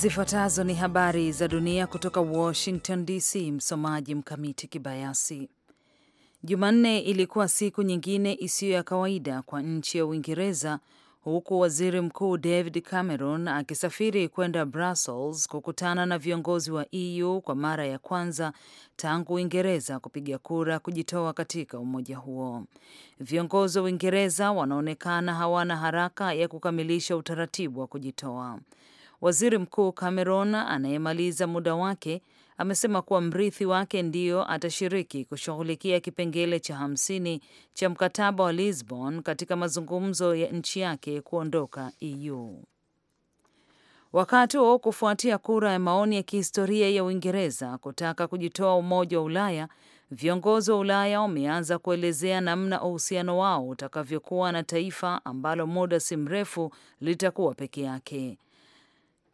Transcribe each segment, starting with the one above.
Zifuatazo ni habari za dunia kutoka Washington DC. Msomaji Mkamiti Kibayasi. Jumanne ilikuwa siku nyingine isiyo ya kawaida kwa nchi ya Uingereza, huku waziri mkuu David Cameron akisafiri kwenda Brussels kukutana na viongozi wa EU kwa mara ya kwanza tangu Uingereza kupiga kura kujitoa katika umoja huo. Viongozi wa Uingereza wanaonekana hawana haraka ya kukamilisha utaratibu wa kujitoa. Waziri Mkuu Cameron anayemaliza muda wake amesema kuwa mrithi wake ndiyo atashiriki kushughulikia kipengele cha hamsini cha mkataba wa Lisbon katika mazungumzo ya nchi yake kuondoka EU. Wakati wa kufuatia kura ya maoni ya kihistoria ya Uingereza kutaka kujitoa Umoja wa Ulaya, viongozi wa Ulaya wameanza kuelezea namna uhusiano wao utakavyokuwa na taifa ambalo muda si mrefu litakuwa peke yake.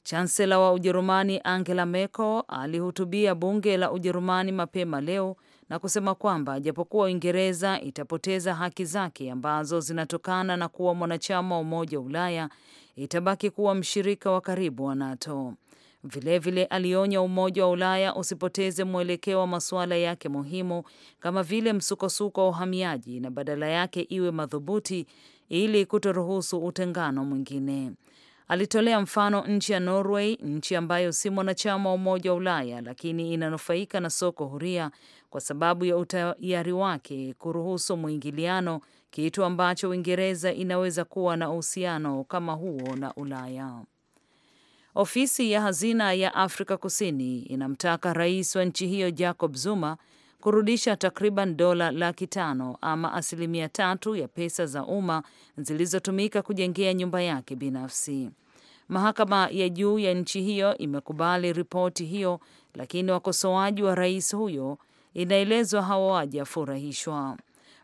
Chansela wa Ujerumani Angela Merkel alihutubia bunge la Ujerumani mapema leo na kusema kwamba japokuwa Uingereza itapoteza haki zake ambazo zinatokana na kuwa mwanachama wa Umoja wa Ulaya, itabaki kuwa mshirika wa karibu wa NATO. Vilevile alionya Umoja wa Ulaya usipoteze mwelekeo wa masuala yake muhimu kama vile msukosuko wa uhamiaji na badala yake iwe madhubuti ili kutoruhusu utengano mwingine. Alitolea mfano nchi ya Norway, nchi ambayo si mwanachama wa Umoja wa Ulaya lakini inanufaika na soko huria kwa sababu ya utayari wake kuruhusu mwingiliano, kitu ambacho Uingereza inaweza kuwa na uhusiano kama huo na Ulaya. Ofisi ya hazina ya Afrika Kusini inamtaka rais wa nchi hiyo Jacob Zuma kurudisha takriban dola laki tano ama asilimia tatu ya pesa za umma zilizotumika kujengea nyumba yake binafsi. Mahakama ya juu ya nchi hiyo imekubali ripoti hiyo, lakini wakosoaji wa rais huyo inaelezwa hawajafurahishwa.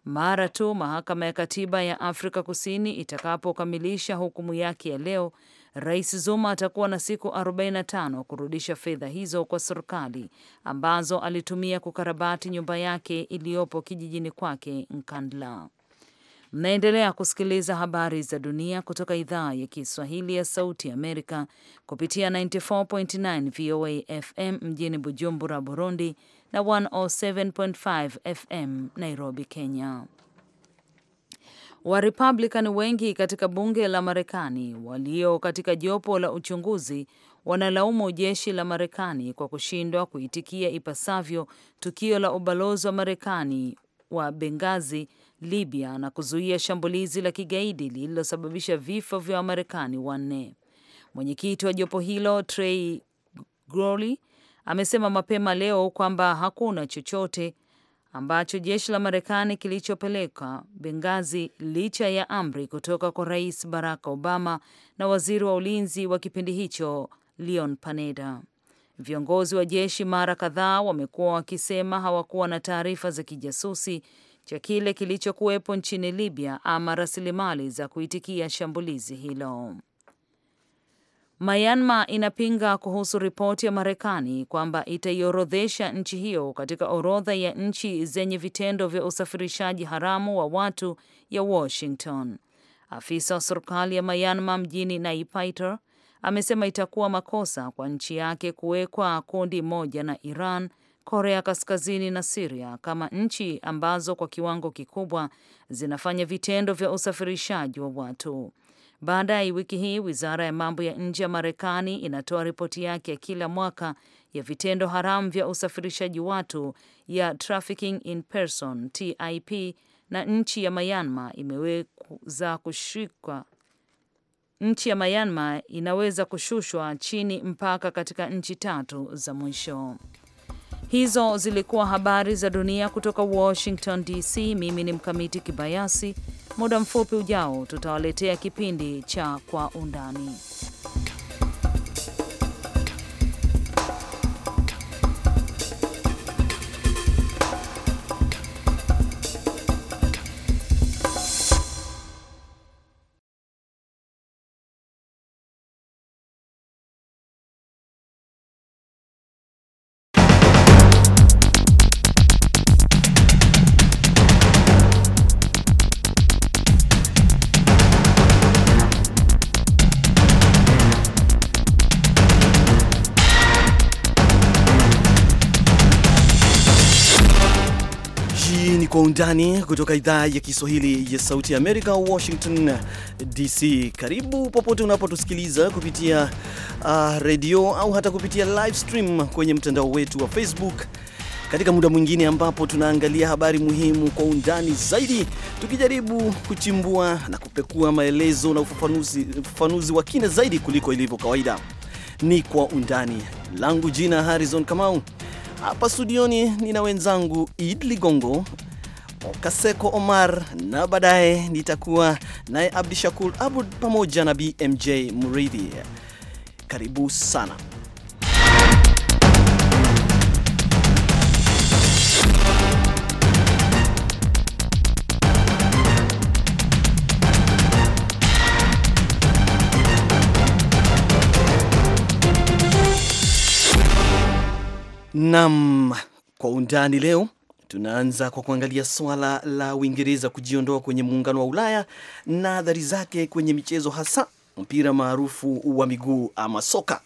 Mara tu mahakama ya katiba ya Afrika Kusini itakapokamilisha hukumu yake ya leo, Rais Zuma atakuwa na siku 45 kurudisha fedha hizo kwa serikali ambazo alitumia kukarabati nyumba yake iliyopo kijijini kwake Nkandla. Mnaendelea kusikiliza habari za dunia kutoka idhaa ya Kiswahili ya Sauti Amerika kupitia 94.9 VOA FM mjini Bujumbura, Burundi na 107.5 FM Nairobi, Kenya. Republican wengi katika bunge la Marekani walio katika jopo la uchunguzi wanalaumu jeshi la Marekani kwa kushindwa kuitikia ipasavyo tukio la ubalozi wa Marekani wa Benghazi, Libya na kuzuia shambulizi la kigaidi lililosababisha vifo vya Wamarekani wanne. Mwenyekiti wa jopo hilo Trey Gowrie amesema mapema leo kwamba hakuna chochote ambacho jeshi la Marekani kilichopeleka Bengazi licha ya amri kutoka kwa Rais Barack Obama na waziri wa ulinzi wa kipindi hicho Leon Panetta. Viongozi wa jeshi mara kadhaa wamekuwa wakisema hawakuwa na taarifa za kijasusi cha kile kilichokuwepo nchini Libya ama rasilimali za kuitikia shambulizi hilo. Myanmar inapinga kuhusu ripoti ya Marekani kwamba itaiorodhesha nchi hiyo katika orodha ya nchi zenye vitendo vya usafirishaji haramu wa watu ya Washington. Afisa wa serikali ya Myanmar mjini Naypyitaw amesema itakuwa makosa kwa nchi yake kuwekwa kundi moja na Iran, Korea Kaskazini na Siria kama nchi ambazo kwa kiwango kikubwa zinafanya vitendo vya usafirishaji wa watu. Baadaye wiki hii wizara ya mambo ya nje ya Marekani inatoa ripoti yake ya kila mwaka ya vitendo haramu vya usafirishaji watu ya Trafficking in Person, TIP, na nchi ya Myanmar imeweza kushikwa nchi ya Myanmar inaweza kushushwa chini mpaka katika nchi tatu za mwisho. Hizo zilikuwa habari za dunia kutoka Washington DC. Mimi ni Mkamiti Kibayasi. Muda mfupi ujao tutawaletea kipindi cha Kwa Undani. undani kutoka idhaa ya Kiswahili ya Sauti ya Amerika, Washington DC. Karibu popote unapotusikiliza kupitia uh, redio au hata kupitia live stream kwenye mtandao wetu wa Facebook katika muda mwingine ambapo tunaangalia habari muhimu kwa undani zaidi, tukijaribu kuchimbua na kupekua maelezo na ufafanuzi, ufafanuzi wa kina zaidi kuliko ilivyo kawaida. Ni kwa undani. Langu jina Harrison Kamau, hapa studioni nina wenzangu Id Ligongo Kaseko Omar na baadaye nitakuwa naye Abdishakur Abud pamoja na BMJ Muridhi. Karibu sana. Nam kwa undani leo Tunaanza kwa kuangalia swala la Uingereza kujiondoa kwenye muungano wa Ulaya na athari zake kwenye michezo, hasa mpira maarufu wa miguu ama soka.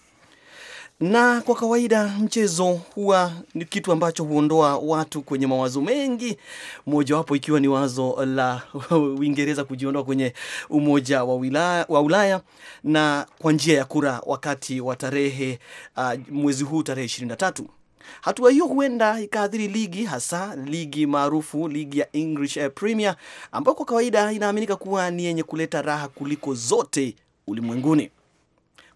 Na kwa kawaida mchezo huwa ni kitu ambacho huondoa watu kwenye mawazo mengi, mojawapo ikiwa ni wazo la Uingereza kujiondoa kwenye umoja wa Ulaya, wa Ulaya na kwa njia ya kura wakati wa tarehe uh, mwezi huu tarehe tatu Hatua hiyo huenda ikaathiri ligi, hasa ligi maarufu, ligi ya English eh, Premier ambayo kwa kawaida inaaminika kuwa ni yenye kuleta raha kuliko zote ulimwenguni.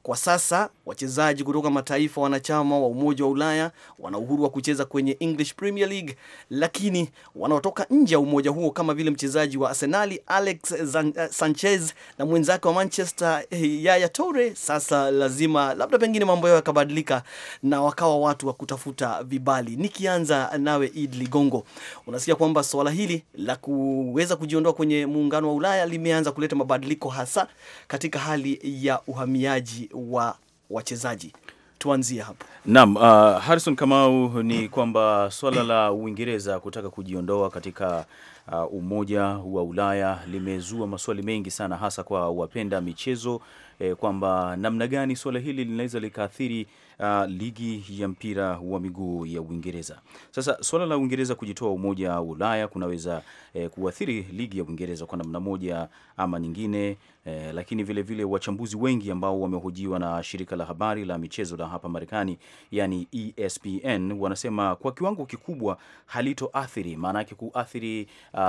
Kwa sasa Wachezaji kutoka mataifa wanachama wa Umoja wa Ulaya wana uhuru wa kucheza kwenye English Premier League, lakini wanaotoka nje ya umoja huo kama vile mchezaji wa Arsenali Alex eh, Sanchez na mwenzake wa Manchester eh, Yaya Toure, sasa lazima labda pengine mambo yao yakabadilika na wakawa watu wa kutafuta vibali. Nikianza nawe Id Ligongo, unasikia kwamba swala hili la kuweza kujiondoa kwenye muungano wa Ulaya limeanza kuleta mabadiliko hasa katika hali ya uhamiaji wa wachezaji. Tuanzie hapo. Naam, uh, Harrison Kamau, ni kwamba swala la Uingereza kutaka kujiondoa katika uh, Umoja wa Ulaya limezua maswali mengi sana, hasa kwa wapenda michezo eh, kwamba namna gani swala hili linaweza likaathiri uh, ligi ya mpira wa miguu ya Uingereza. Sasa swala la Uingereza kujitoa Umoja wa Ulaya kunaweza eh, kuathiri ligi ya Uingereza kwa namna moja ama nyingine, eh, lakini vile vile wachambuzi wengi ambao wamehojiwa na shirika la habari la michezo la hapa Marekani, yani ESPN, wanasema kwa kiwango kikubwa halitoathiri, maana yake kuathiri uh,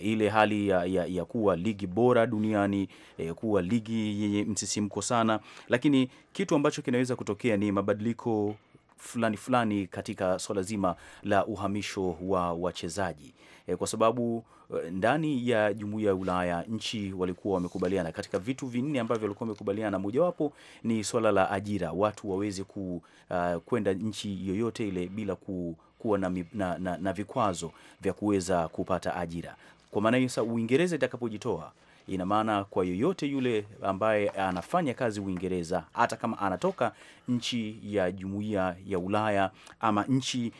ile hali ya, ya, ya kuwa ligi bora duniani eh, kuwa ligi yenye msisimko sana, lakini kitu ambacho kinaweza kutokea ni mabadiliko fulani fulani katika swala zima la uhamisho wa wachezaji e, kwa sababu eh, ndani ya jumuiya ya Ulaya nchi walikuwa wamekubaliana katika vitu vinne ambavyo walikuwa wamekubaliana, mojawapo ni swala la ajira, watu waweze ku, uh, kwenda nchi yoyote ile bila ku, kuwa na, na, na, na vikwazo vya kuweza kupata ajira. Kwa maana hiyo sasa Uingereza itakapojitoa ina maana kwa yoyote yule ambaye anafanya kazi Uingereza, hata kama anatoka nchi ya jumuiya ya Ulaya ama nchi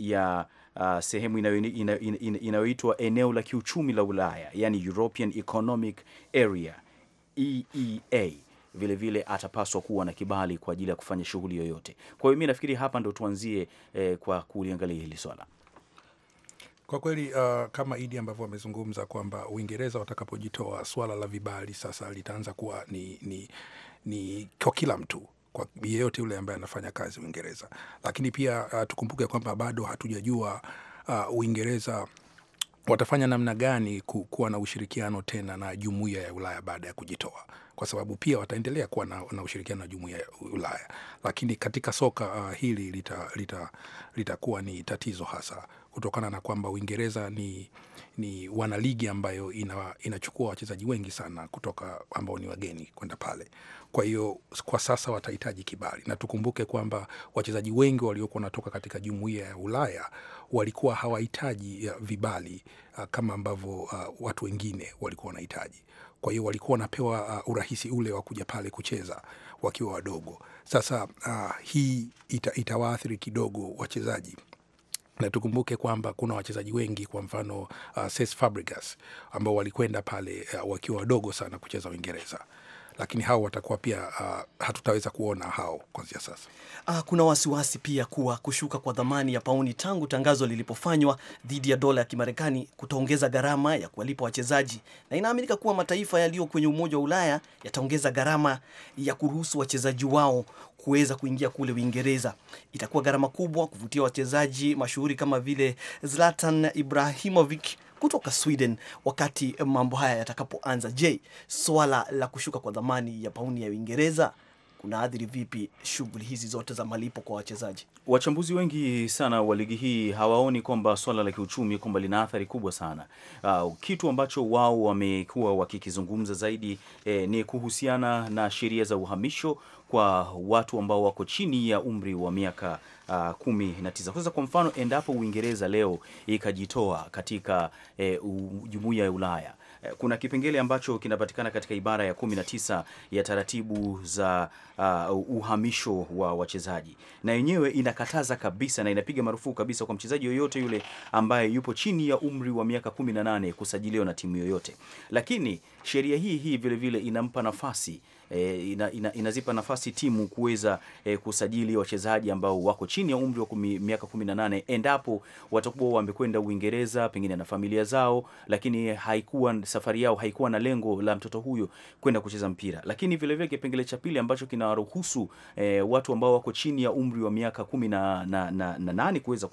ya uh, sehemu inayoitwa ina, ina, ina, ina eneo la kiuchumi la Ulaya, yani European Economic Area EEA vilevile vile atapaswa kuwa na kibali kwa ajili ya kufanya shughuli yoyote. Kwa hiyo mi nafikiri hapa ndo tuanzie eh, kwa kuliangalia hili swala kwa kweli uh, kama Idi ambavyo wamezungumza kwamba Uingereza watakapojitoa swala la vibali sasa litaanza kuwa ni, ni, ni kwa kila mtu kwa yeyote yule ambaye anafanya kazi Uingereza. Lakini pia uh, tukumbuke kwamba bado hatujajua uh, Uingereza watafanya namna gani kuwa na ushirikiano tena na jumuiya ya Ulaya baada ya kujitoa kwa sababu pia wataendelea kuwa na, na ushirikiano na jumuiya ya Ulaya, lakini katika soka uh, hili litakuwa lita, lita ni tatizo hasa kutokana na kwamba Uingereza ni, ni wana ligi ambayo ina, inachukua wachezaji wengi sana kutoka ambao ni wageni kwenda pale. Kwa hiyo kwa sasa watahitaji kibali, na tukumbuke kwamba wachezaji wengi waliokuwa wanatoka katika jumuiya ya Ulaya walikuwa hawahitaji uh, vibali uh, kama ambavyo uh, watu wengine walikuwa wanahitaji. Kwa hiyo walikuwa wanapewa uh, urahisi ule wa kuja pale kucheza wakiwa wadogo. Sasa uh, hii ita, itawaathiri kidogo wachezaji na tukumbuke kwamba kuna wachezaji wengi, kwa mfano uh, Cesc Fabregas ambao walikwenda pale uh, wakiwa wadogo sana kucheza Uingereza lakini hao watakuwa pia uh, hatutaweza kuona hao kwanzia sasa. Uh, kuna wasiwasi pia kuwa kushuka kwa dhamani ya pauni tangu tangazo lilipofanywa dhidi ya dola ya Kimarekani kutaongeza gharama ya kuwalipa wachezaji, na inaaminika kuwa mataifa yaliyo kwenye Umoja wa Ulaya yataongeza gharama ya kuruhusu wachezaji wao kuweza kuingia kule Uingereza. Itakuwa gharama kubwa kuvutia wachezaji mashuhuri kama vile Zlatan Ibrahimovic kutoka Sweden wakati mambo haya yatakapoanza. Je, swala la kushuka kwa dhamani ya pauni ya Uingereza unaathiri vipi shughuli hizi zote za malipo kwa wachezaji? Wachambuzi wengi sana wa ligi hii hawaoni kwamba swala la kiuchumi kwamba lina athari kubwa sana. Uh, kitu ambacho wao wamekuwa wakikizungumza zaidi eh, ni kuhusiana na sheria za uhamisho kwa watu ambao wako chini ya umri wa miaka uh, kumi na tisa. Sasa kwa mfano, endapo Uingereza leo ikajitoa katika uh, jumuiya ya Ulaya eh, kuna kipengele ambacho kinapatikana katika ibara ya kumi na tisa ya taratibu za uh, uhamisho wa wachezaji, na yenyewe inakataza kabisa na inapiga marufuku kabisa kwa mchezaji yoyote yule ambaye yupo chini ya umri wa miaka kumi na nane kusajiliwa na timu yoyote. Lakini sheria hii hii vilevile inampa nafasi e, ina, ina, inazipa nafasi timu kuweza e, kusajili wachezaji ambao wako chini ya umri wa kumi, miaka 18 endapo watakuwa wamekwenda Uingereza pengine na familia zao, lakini haikuwa safari yao haikuwa na lengo la mtoto huyo kwenda kucheza mpira. Lakini vilevile kipengele cha pili ambacho kinawaruhusu e, eh, watu ambao wako chini ya umri wa miaka kumi na nane na, na, na, kuweza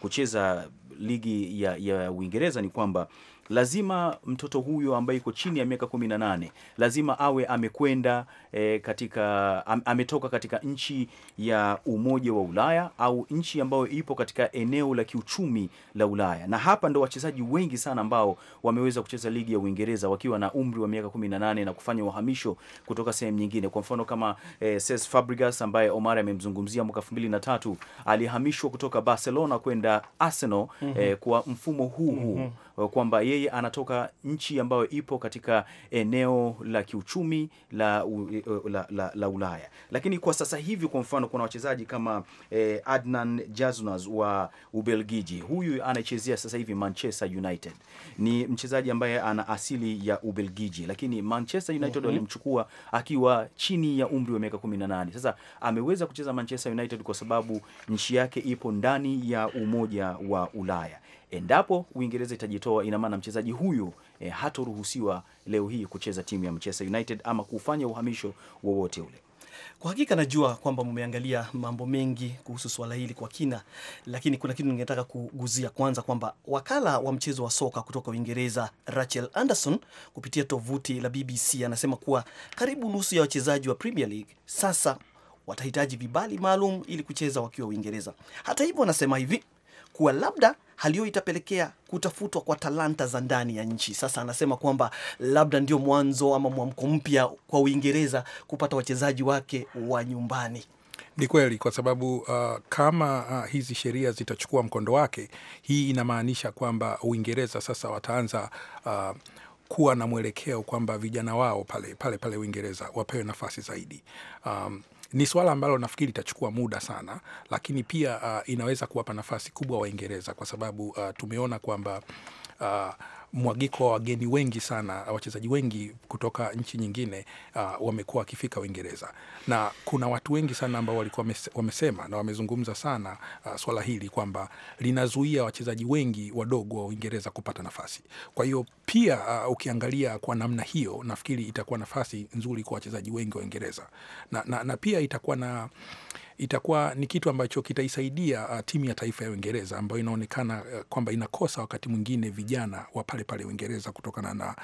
kucheza ligi ya, ya Uingereza ni kwamba lazima mtoto huyo ambaye iko chini ya miaka kumi na nane lazima awe amekwenda e, katika am, ametoka katika nchi ya Umoja wa Ulaya au nchi ambayo ipo katika eneo la kiuchumi la Ulaya, na hapa ndo wachezaji wengi sana ambao wameweza kucheza ligi ya Uingereza wakiwa na umri wa miaka kumi na nane na kufanya uhamisho kutoka sehemu nyingine. Kwa mfano kama e, Cesc Fabregas ambaye Omar amemzungumzia mwaka elfu mbili na tatu alihamishwa kutoka Barcelona kwenda Arsenal mm -hmm. e, kwa mfumo huu huu mm -hmm. Eh, kwamba yeye anatoka nchi ambayo ipo katika eneo la kiuchumi la, eh, la, la, la Ulaya, lakini kwa sasa hivi, kwa mfano, kuna wachezaji kama eh, Adnan Jaznas wa Ubelgiji. Huyu anachezea sasa hivi Manchester United, ni mchezaji ambaye ana asili ya Ubelgiji, lakini Manchester United mhm. walimchukua mm -hmm. akiwa chini ya umri wa miaka 18. Sasa ameweza kucheza Manchester United kwa sababu nchi yake ipo ndani ya Umoja wa Ulaya. Endapo Uingereza itajitoa, ina maana mchezaji huyu e, hatoruhusiwa leo hii kucheza timu ya Manchester United ama kufanya uhamisho wowote ule. Kwa hakika najua kwamba mmeangalia mambo mengi kuhusu swala hili kwa kina, lakini kuna kitu ningetaka kuguzia kwanza, kwamba wakala wa mchezo wa soka kutoka Uingereza Rachel Anderson kupitia tovuti la BBC anasema kuwa karibu nusu ya wachezaji wa Premier League sasa watahitaji vibali maalum ili kucheza wakiwa Uingereza. Hata hivyo, anasema hivi kuwa labda hali hiyo itapelekea kutafutwa kwa talanta za ndani ya nchi. Sasa anasema kwamba labda ndio mwanzo ama mwamko mpya kwa Uingereza kupata wachezaji wake wa nyumbani. Ni kweli kwa sababu uh, kama uh, hizi sheria zitachukua mkondo wake, hii inamaanisha kwamba Uingereza sasa wataanza uh, kuwa na mwelekeo kwamba vijana wao pale pale pale Uingereza wapewe nafasi zaidi um, ni swala ambalo nafikiri itachukua muda sana, lakini pia uh, inaweza kuwapa nafasi kubwa Waingereza kwa sababu uh, tumeona kwamba uh, mwagiko wa wageni wengi sana, wachezaji wengi kutoka nchi nyingine uh, wamekuwa wakifika Uingereza, na kuna watu wengi sana ambao walikuwa wamesema na wamezungumza sana uh, swala hili kwamba linazuia wachezaji wengi wadogo wa Uingereza kupata nafasi. Kwa hiyo pia uh, ukiangalia kwa namna hiyo, nafikiri itakuwa nafasi nzuri kwa wachezaji wengi wa Uingereza na, na, na pia itakuwa na itakuwa ni kitu ambacho kitaisaidia uh, timu ya taifa ya Uingereza ambayo inaonekana uh, kwamba inakosa wakati mwingine vijana wa pale pale Uingereza kutokana na,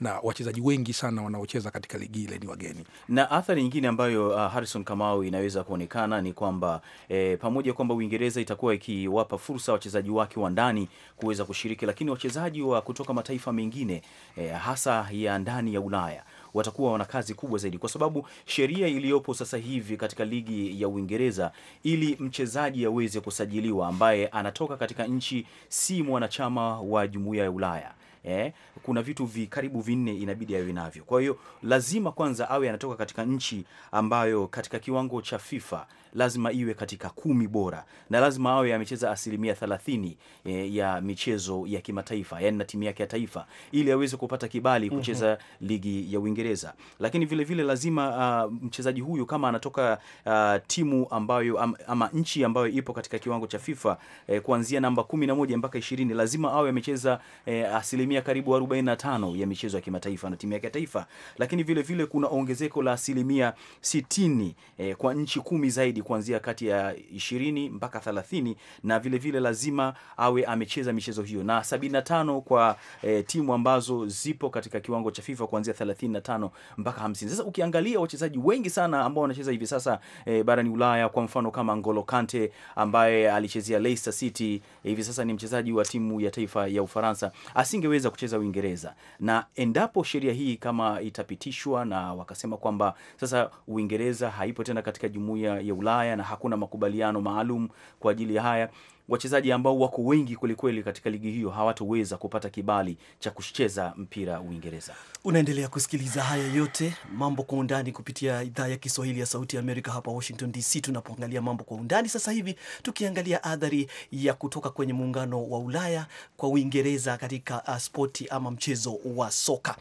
na wachezaji wengi sana wanaocheza katika ligi ile ni wageni. Na athari nyingine ambayo uh, Harrison Kamau inaweza kuonekana ni kwamba eh, pamoja kwamba Uingereza itakuwa ikiwapa fursa wachezaji wake wa ndani kuweza kushiriki, lakini wachezaji wa kutoka mataifa mengine eh, hasa ya ndani ya Ulaya watakuwa wana kazi kubwa zaidi, kwa sababu sheria iliyopo sasa hivi katika ligi ya Uingereza, ili mchezaji aweze kusajiliwa ambaye anatoka katika nchi si mwanachama wa jumuiya ya Ulaya eh, kuna vitu vi karibu vinne inabidi awe navyo. Kwa hiyo lazima kwanza awe anatoka katika nchi ambayo katika kiwango cha FIFA lazima iwe katika kumi bora na lazima awe amecheza asilimia thelathini eh, ya michezo ya kimataifa, yani na timu yake ya taifa, ili aweze kupata kibali mhm. kucheza mm -hmm. ligi ya Uingereza. Lakini vile vile lazima uh, mchezaji huyu kama anatoka uh, timu ambayo am, ama nchi ambayo ipo katika kiwango cha FIFA eh, kuanzia namba kumi na moja mpaka ishirini lazima awe amecheza eh, asilimia ya karibu 45 ya michezo ya kimataifa na timu yake ya taifa, lakini vile vile kuna ongezeko la asilimia 60 eh, kwa nchi kumi zaidi kuanzia kati ya 20 mpaka 30, na vile vile lazima awe amecheza michezo hiyo na 75 kwa eh, timu ambazo zipo katika kiwango cha FIFA kuanzia 35 mpaka 50. Sasa ukiangalia wachezaji wengi sana ambao wanacheza hivi sasa eh, barani Ulaya, kwa mfano kama Ngolo Kante ambaye alichezea Leicester City hivi eh, sasa ni mchezaji wa timu ya taifa ya Ufaransa asingeweza kuweza kucheza Uingereza, na endapo sheria hii kama itapitishwa na wakasema kwamba sasa Uingereza haipo tena katika jumuiya ya Ulaya na hakuna makubaliano maalum kwa ajili ya haya wachezaji ambao wako wengi kwelikweli katika ligi hiyo hawatoweza kupata kibali cha kucheza mpira Uingereza. Unaendelea kusikiliza haya yote mambo kwa undani kupitia idhaa ya Kiswahili ya Sauti ya Amerika hapa Washington DC, tunapoangalia mambo kwa undani sasa hivi tukiangalia adhari ya kutoka kwenye muungano wa Ulaya kwa Uingereza katika uh, spoti ama mchezo wa soka.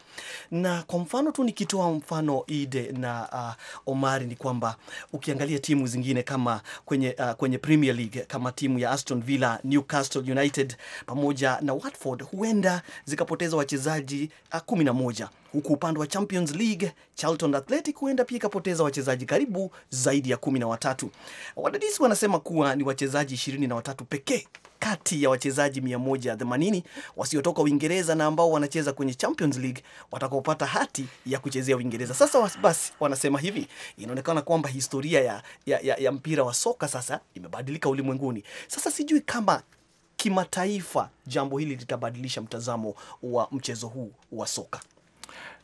Na kwa mfano tu nikitoa mfano Ide na uh, Omari, ni kwamba ukiangalia timu zingine kama kwenye, uh, kwenye Premier League kama timu ya Aston Aston Villa, Newcastle United pamoja na Watford huenda zikapoteza wachezaji ah, kumi na moja huku upande wa Champions League Charlton Athletic huenda pia ikapoteza wachezaji karibu zaidi ya kumi na watatu. Wadadisi wanasema kuwa ni wachezaji ishirini na watatu pekee kati ya wachezaji 180 wasiotoka Uingereza na ambao wanacheza kwenye Champions League watakaopata hati ya kuchezea Uingereza. Sasa basi, wanasema hivi, inaonekana kwamba historia ya, ya, ya, ya mpira wa soka sasa imebadilika ulimwenguni. Sasa sijui kama kimataifa jambo hili litabadilisha mtazamo wa mchezo huu wa soka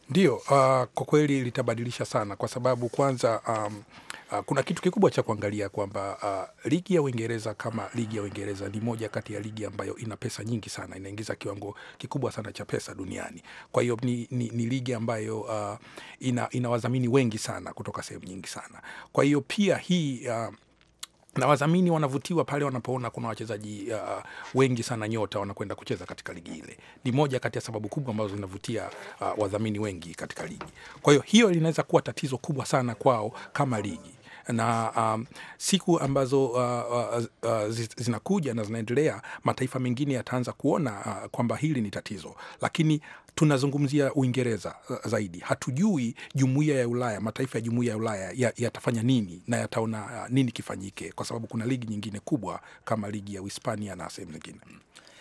ndio uh, kwa kweli litabadilisha sana kwa sababu kwanza, um, uh, kuna kitu kikubwa cha kuangalia kwamba uh, ligi ya Uingereza kama ligi ya Uingereza ni moja kati ya ligi ambayo ina pesa nyingi sana, inaingiza kiwango kikubwa sana cha pesa duniani. Kwa hiyo ni, ni, ni ligi ambayo uh, ina, ina wadhamini wengi sana kutoka sehemu nyingi sana. Kwa hiyo pia hii uh, na wadhamini wanavutiwa pale wanapoona kuna wachezaji uh, wengi sana nyota wanakwenda kucheza katika ligi ile. Ni moja kati ya sababu kubwa ambazo zinavutia uh, wadhamini wengi katika ligi. Kwa hiyo hiyo linaweza kuwa tatizo kubwa sana kwao kama ligi na um, siku ambazo uh, uh, uh, zinakuja na zinaendelea, mataifa mengine yataanza kuona uh, kwamba hili ni tatizo, lakini tunazungumzia Uingereza uh, zaidi. Hatujui jumuiya ya Ulaya, mataifa ya jumuiya ya Ulaya yatafanya nini na yataona uh, nini kifanyike, kwa sababu kuna ligi nyingine kubwa kama ligi ya Uhispania na sehemu zingine.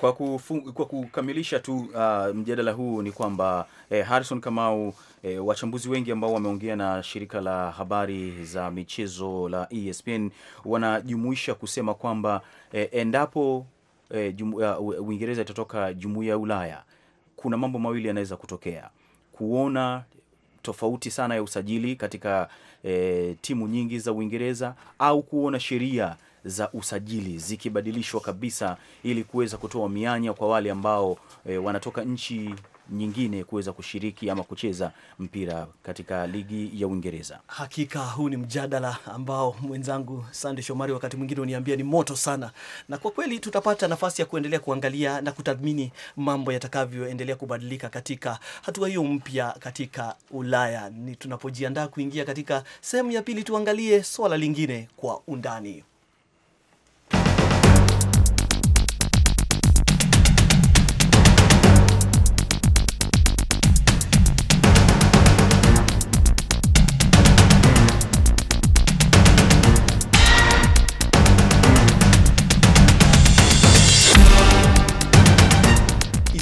Kwa, kufu, kwa kukamilisha tu uh, mjadala huu ni kwamba eh, Harrison Kamau eh, wachambuzi wengi ambao wameongea na shirika la habari za michezo la ESPN wanajumuisha kusema kwamba eh, endapo eh, jumu, uh, Uingereza itatoka jumuiya ya Ulaya, kuna mambo mawili yanaweza kutokea: kuona tofauti sana ya usajili katika eh, timu nyingi za Uingereza au kuona sheria za usajili zikibadilishwa kabisa ili kuweza kutoa mianya kwa wale ambao e, wanatoka nchi nyingine kuweza kushiriki ama kucheza mpira katika ligi ya Uingereza. Hakika huu ni mjadala ambao mwenzangu Sande Shomari wakati mwingine uniambia ni moto sana, na kwa kweli tutapata nafasi ya kuendelea kuangalia na kutathmini mambo yatakavyoendelea kubadilika katika hatua hiyo mpya katika Ulaya. Ni tunapojiandaa kuingia katika sehemu ya pili, tuangalie swala lingine kwa undani.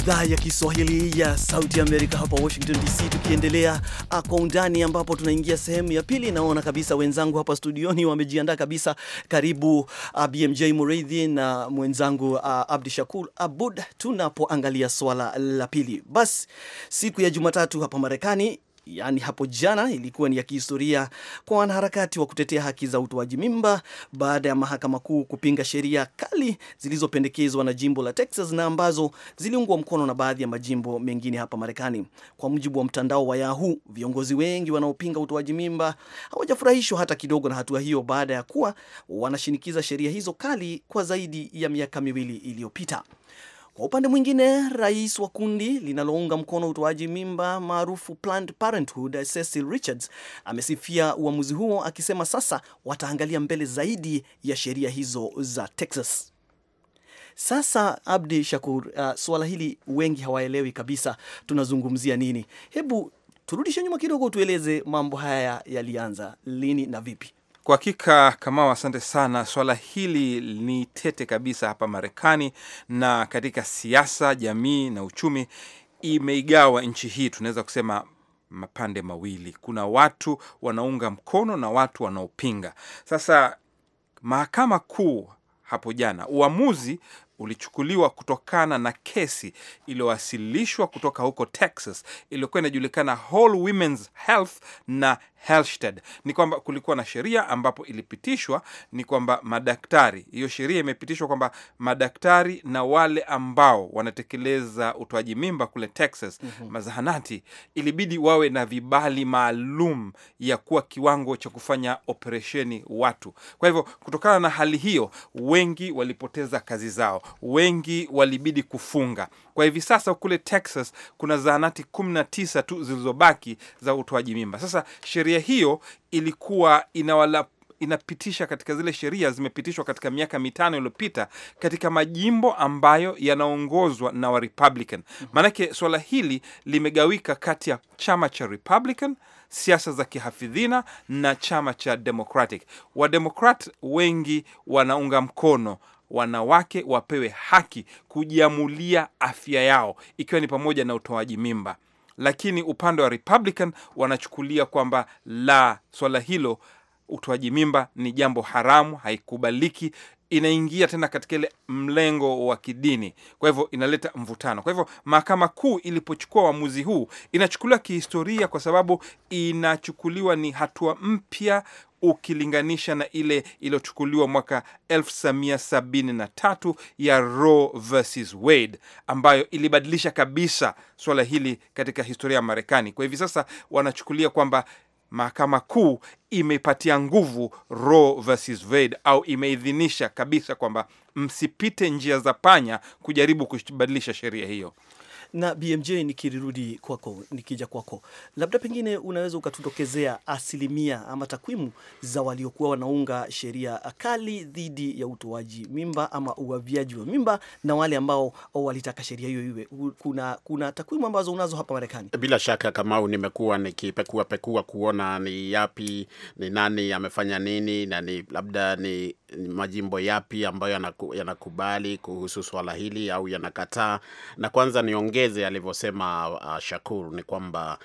idhaa ya Kiswahili ya Sauti Amerika hapa Washington DC, tukiendelea ah, kwa undani, ambapo tunaingia sehemu ya pili. Naona kabisa wenzangu hapa studioni wamejiandaa kabisa. Karibu uh, ah, BMJ Mureithi na mwenzangu uh, Abdi Shakur Abud, tunapoangalia swala la pili. Basi siku ya Jumatatu hapa Marekani yani hapo jana ilikuwa ni ya kihistoria kwa wanaharakati wa kutetea haki za utoaji mimba baada ya mahakama kuu kupinga sheria kali zilizopendekezwa na jimbo la Texas na ambazo ziliungwa mkono na baadhi ya majimbo mengine hapa Marekani. Kwa mujibu wa mtandao wa Yahoo, viongozi wengi wanaopinga utoaji mimba hawajafurahishwa hata kidogo na hatua hiyo baada ya kuwa wanashinikiza sheria hizo kali kwa zaidi ya miaka miwili iliyopita. Kwa upande mwingine, rais wa kundi linalounga mkono utoaji mimba maarufu Planned Parenthood, Cecil Richards amesifia uamuzi huo akisema sasa wataangalia mbele zaidi ya sheria hizo za Texas. Sasa Abdi Shakur, uh, suala hili wengi hawaelewi kabisa, tunazungumzia nini? Hebu turudishe nyuma kidogo, tueleze mambo haya yalianza lini na vipi? Kwa hakika Kamau, asante sana. Swala hili ni tete kabisa hapa Marekani na katika siasa, jamii na uchumi imeigawa nchi hii, tunaweza kusema mapande mawili. Kuna watu wanaunga mkono na watu wanaopinga. Sasa mahakama kuu hapo jana uamuzi ulichukuliwa kutokana na kesi iliyowasilishwa kutoka huko Texas iliyokuwa inajulikana Whole Women's Health na Helsted. Ni kwamba kulikuwa na sheria ambapo ilipitishwa, ni kwamba madaktari, hiyo sheria imepitishwa kwamba madaktari na wale ambao wanatekeleza utoaji mimba kule Texas, mm -hmm. mazahanati ilibidi wawe na vibali maalum ya kuwa kiwango cha kufanya operesheni watu. Kwa hivyo kutokana na hali hiyo, wengi walipoteza kazi zao wengi walibidi kufunga. Kwa hivi sasa kule Texas kuna zahanati 19 tu zilizobaki za utoaji mimba. Sasa sheria hiyo ilikuwa inawala inapitisha katika zile sheria zimepitishwa katika miaka mitano iliyopita katika majimbo ambayo yanaongozwa na wa Republican. Mhm. Maanake suala hili limegawika kati ya chama cha Republican, siasa za kihafidhina na chama cha Democratic. Wademokrat wengi wanaunga mkono wanawake wapewe haki kujiamulia afya yao, ikiwa ni pamoja na utoaji mimba. Lakini upande wa Republican wanachukulia kwamba la, swala hilo utoaji mimba ni jambo haramu, haikubaliki inaingia tena katika ile mlengo wa kidini, kwa hivyo inaleta mvutano. Kwa hivyo mahakama kuu ilipochukua uamuzi huu, inachukuliwa kihistoria, kwa sababu inachukuliwa ni hatua mpya ukilinganisha na ile iliyochukuliwa mwaka 1973 ya Roe versus Wade ambayo ilibadilisha kabisa suala hili katika historia ya Marekani. Kwa hivi sasa wanachukulia kwamba mahakama kuu imepatia nguvu Roe versus Wade au imeidhinisha kabisa kwamba msipite njia za panya kujaribu kubadilisha sheria hiyo. Na BMJ, nikirudi kwako, nikija kwako, labda pengine unaweza ukatutokezea asilimia ama takwimu za waliokuwa wanaunga sheria kali dhidi ya utoaji mimba ama uavyaji wa mimba na wale ambao walitaka sheria hiyo iwe. Kuna, kuna takwimu ambazo unazo hapa Marekani? Bila shaka Kamau, nimekuwa nikipekua pekua kuona ni yapi, ni nani amefanya nini na ni labda ni majimbo yapi ambayo yanakubali kuhusu swala hili au yanakataa. Na kwanza niongeze alivyosema uh, Shakuru ni kwamba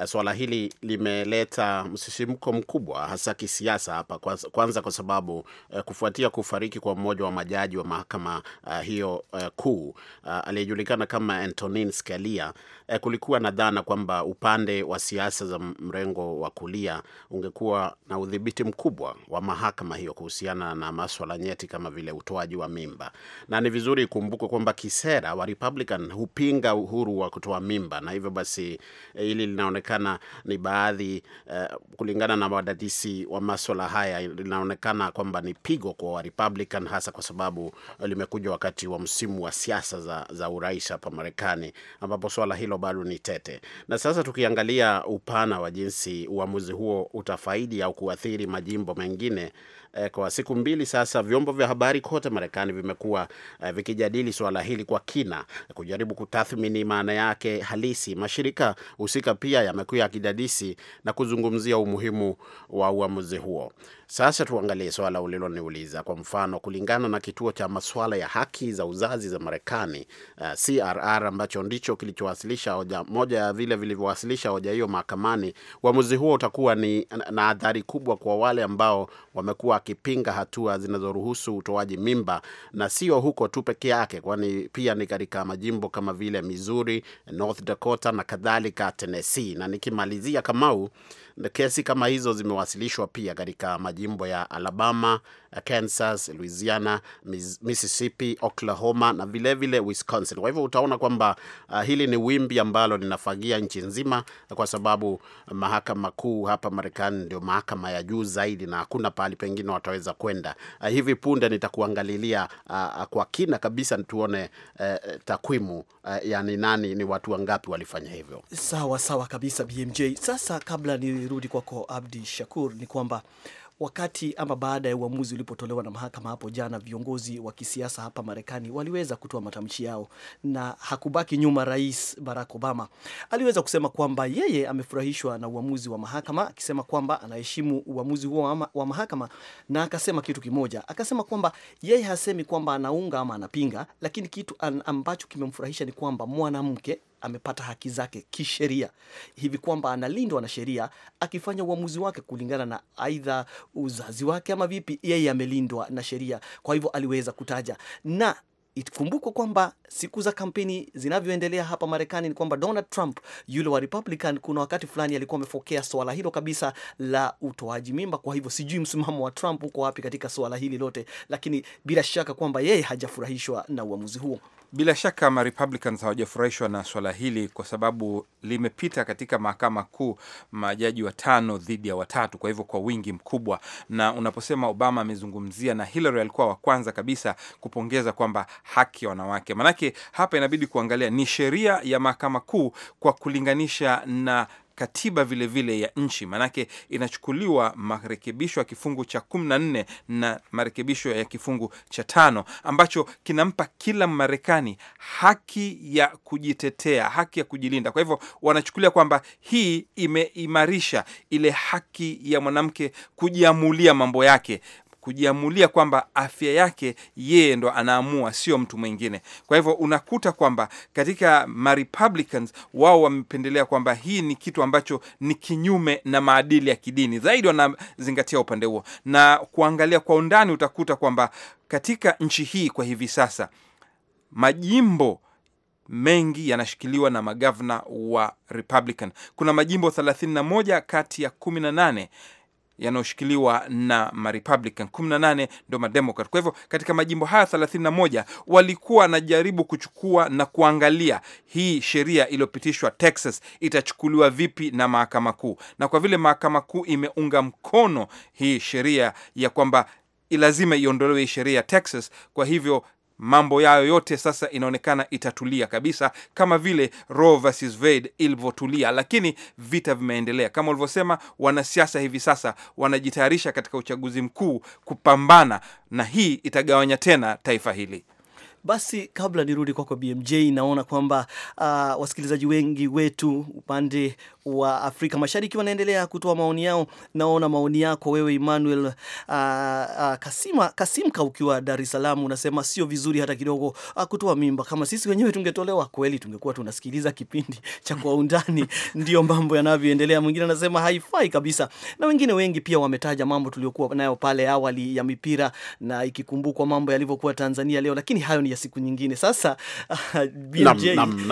Eh, swala hili limeleta msisimko mkubwa hasa kisiasa hapa, kwanza kwa sababu uh, kufuatia kufariki kwa mmoja wa majaji wa mahakama uh, hiyo uh, kuu uh, aliyejulikana kama Antonin Scalia uh, kulikuwa na dhana kwamba upande wa siasa za mrengo wa kulia ungekuwa na udhibiti mkubwa wa mahakama hiyo kuhusiana na maswala nyeti kama vile utoaji wa mimba, na ni vizuri ikumbukwe kwamba kisera wa Republican hupinga uhuru wa kutoa mimba, na hivyo basi hili linaonekana inaonekana ni baadhi eh, kulingana na wadadisi wa maswala haya, linaonekana kwamba ni pigo kwa wa Republican, hasa kwa sababu limekuja wakati wa msimu wa siasa za, za urais hapa Marekani, ambapo swala hilo bado ni tete. Na sasa tukiangalia upana wa jinsi uamuzi huo utafaidi au kuathiri majimbo mengine eh, kwa siku mbili sasa vyombo vya habari kote Marekani vimekuwa eh, vikijadili swala hili kwa kina, kujaribu kutathmini maana yake halisi. Mashirika husika pia yamekuwa yakidadisi na kuzungumzia umuhimu wa uamuzi huo. Sasa tuangalie swala uliloniuliza. Kwa mfano, kulingana na kituo cha masuala ya haki za uzazi za Marekani, uh, CRR ambacho ndicho kilichowasilisha hoja, moja ya vile vilivyowasilisha hoja hiyo mahakamani, uamuzi huo utakuwa ni na athari kubwa kwa wale ambao wamekuwa wakipinga hatua zinazoruhusu utoaji mimba, na sio huko tu peke yake, kwani pia ni katika majimbo kama vile Missouri, North Dakota na kadhalika, Tennessee. Na nikimalizia Kamau Kesi kama hizo zimewasilishwa pia katika majimbo ya Alabama, Eh, Kansas, Louisiana, Mississippi, Oklahoma na vilevile vile Wisconsin. Kwa hivyo utaona kwamba uh, hili ni wimbi ambalo linafagia nchi nzima, kwa sababu mahakama kuu hapa Marekani ndio mahakama ya juu zaidi na hakuna pahali pengine wataweza kwenda. Uh, hivi punde nitakuangalilia uh, kwa kina kabisa tuone uh, takwimu uh, yani nani ni watu wangapi walifanya hivyo. Sawa sawa kabisa BMJ. Sasa kabla nirudi kwako Abdi Shakur, ni kwamba Wakati ama baada ya uamuzi ulipotolewa na mahakama hapo jana, viongozi wa kisiasa hapa Marekani waliweza kutoa matamshi yao, na hakubaki nyuma. Rais Barack Obama aliweza kusema kwamba yeye amefurahishwa na uamuzi wa mahakama, akisema kwamba anaheshimu uamuzi huo wa mahakama, na akasema kitu kimoja, akasema kwamba yeye hasemi kwamba anaunga ama anapinga, lakini kitu ambacho kimemfurahisha ni kwamba mwanamke amepata haki zake kisheria, hivi kwamba analindwa na sheria akifanya uamuzi wake kulingana na aidha uzazi wake ama vipi, yeye amelindwa na sheria. Kwa hivyo aliweza kutaja na ikumbukwe kwamba siku za kampeni zinavyoendelea hapa Marekani ni kwamba Donald Trump yule wa Republican, kuna wakati fulani alikuwa amefokea swala hilo kabisa la utoaji mimba. Kwa hivyo sijui msimamo wa Trump uko wapi katika swala hili lote, lakini bila shaka kwamba yeye hajafurahishwa na uamuzi huo. Bila shaka ma Republicans hawajafurahishwa na swala hili, kwa sababu limepita katika mahakama kuu majaji watano dhidi ya watatu, kwa hivyo kwa wingi mkubwa. Na unaposema Obama amezungumzia na Hillary alikuwa wa kwanza kabisa kupongeza kwamba haki ya wanawake, manake hapa inabidi kuangalia ni sheria ya mahakama kuu kwa kulinganisha na katiba vilevile vile ya nchi, maanake inachukuliwa marekebisho ya kifungu cha kumi na nne na marekebisho ya kifungu cha tano ambacho kinampa kila Marekani haki ya kujitetea, haki ya kujilinda. Kwa hivyo wanachukulia kwamba hii imeimarisha ile haki ya mwanamke kujiamulia mambo yake, kujiamulia kwamba afya yake yeye ndo anaamua, sio mtu mwingine. Kwa hivyo unakuta kwamba katika marepublicans wao wamependelea kwamba hii ni kitu ambacho ni kinyume na maadili ya kidini, zaidi wanazingatia upande huo, na kuangalia kwa undani utakuta kwamba katika nchi hii kwa hivi sasa majimbo mengi yanashikiliwa na magavana wa Republican. Kuna majimbo 31 kati ya yanayoshikiliwa na Marepublican, 18 ndio Mademokrat. Kwa hivyo katika majimbo haya 31 walikuwa wanajaribu kuchukua na kuangalia hii sheria iliyopitishwa Texas itachukuliwa vipi na mahakama kuu, na kwa vile mahakama kuu imeunga mkono hii sheria ya kwamba lazima iondolewe hii sheria ya Texas, kwa hivyo mambo yayo yote sasa inaonekana itatulia kabisa, kama vile Roe versus Wade ilivyotulia, lakini vita vimeendelea. Kama ulivyosema, wanasiasa hivi sasa wanajitayarisha katika uchaguzi mkuu kupambana, na hii itagawanya tena taifa hili. Basi kabla nirudi kwako kwa BMJ, naona kwamba uh, wasikilizaji wengi wetu upande wa Afrika Mashariki wanaendelea kutoa maoni yao. Naona maoni yako wewe Emmanuel uh, uh, Kasima, Kasimka ukiwa Dar es Salaam unasema sio vizuri hata kidogo uh, kutoa mimba. Kama sisi wenyewe tungetolewa kweli, tungekuwa tunasikiliza kipindi cha Kwa Undani. ndio mambo yanavyoendelea. Mwingine anasema haifai kabisa, na wengine wengi pia wametaja mambo tuliokuwa nayo pale awali ya mipira na ikikumbukwa mambo yalivyokuwa Tanzania leo, lakini hayo ni ya siku nyingine. Sasa uh, BJ,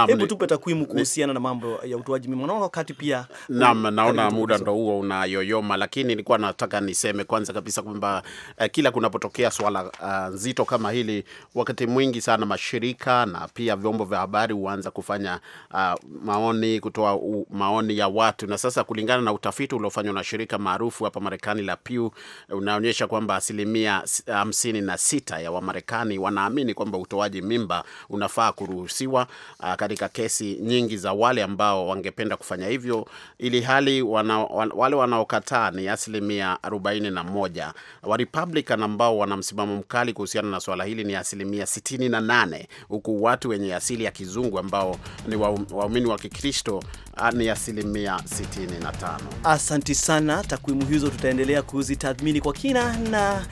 hebu tupe takwimu kuhusiana na mambo ya utoaji mimba, naona wakati pia naam. Naona muda ndo huo unayoyoma, lakini nilikuwa nataka niseme kwanza kabisa kwamba eh, kila kunapotokea swala eh, nzito uh, kama hili, wakati mwingi sana mashirika na pia vyombo vya habari huanza kufanya uh, maoni, kutoa uh, maoni ya watu. Na sasa kulingana na utafiti uliofanywa na shirika maarufu hapa Marekani la Pew unaonyesha kwamba asilimia hamsini na sita ya Wamarekani wanaamini kwamba utoaji mimba unafaa kuruhusiwa, uh, katika kesi nyingi za wale ambao wangependa kufanya hivyo hivyo, ili hali wana, wale wanaokataa ni asilimia 41. Wa Republican ambao wana msimamo mkali kuhusiana na swala hili ni asilimia 68, huku watu wenye asili ya kizungu ambao ni waumini wa Kikristo ni asilimia 65. Asanti sana, takwimu hizo tutaendelea kuzitathmini kwa kina, na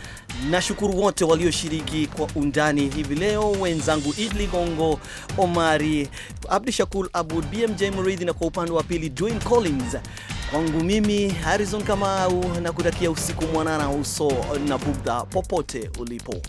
nashukuru wote walioshiriki kwa undani hivi leo, wenzangu Idli Gongo, Omari Abdishakur Abud, BMJ Mridhi, na kwa upande wa pili Dwayne Collins. Kwangu mimi Harrison Kamau, na kutakia usiku mwanana uso na bugdha popote ulipo.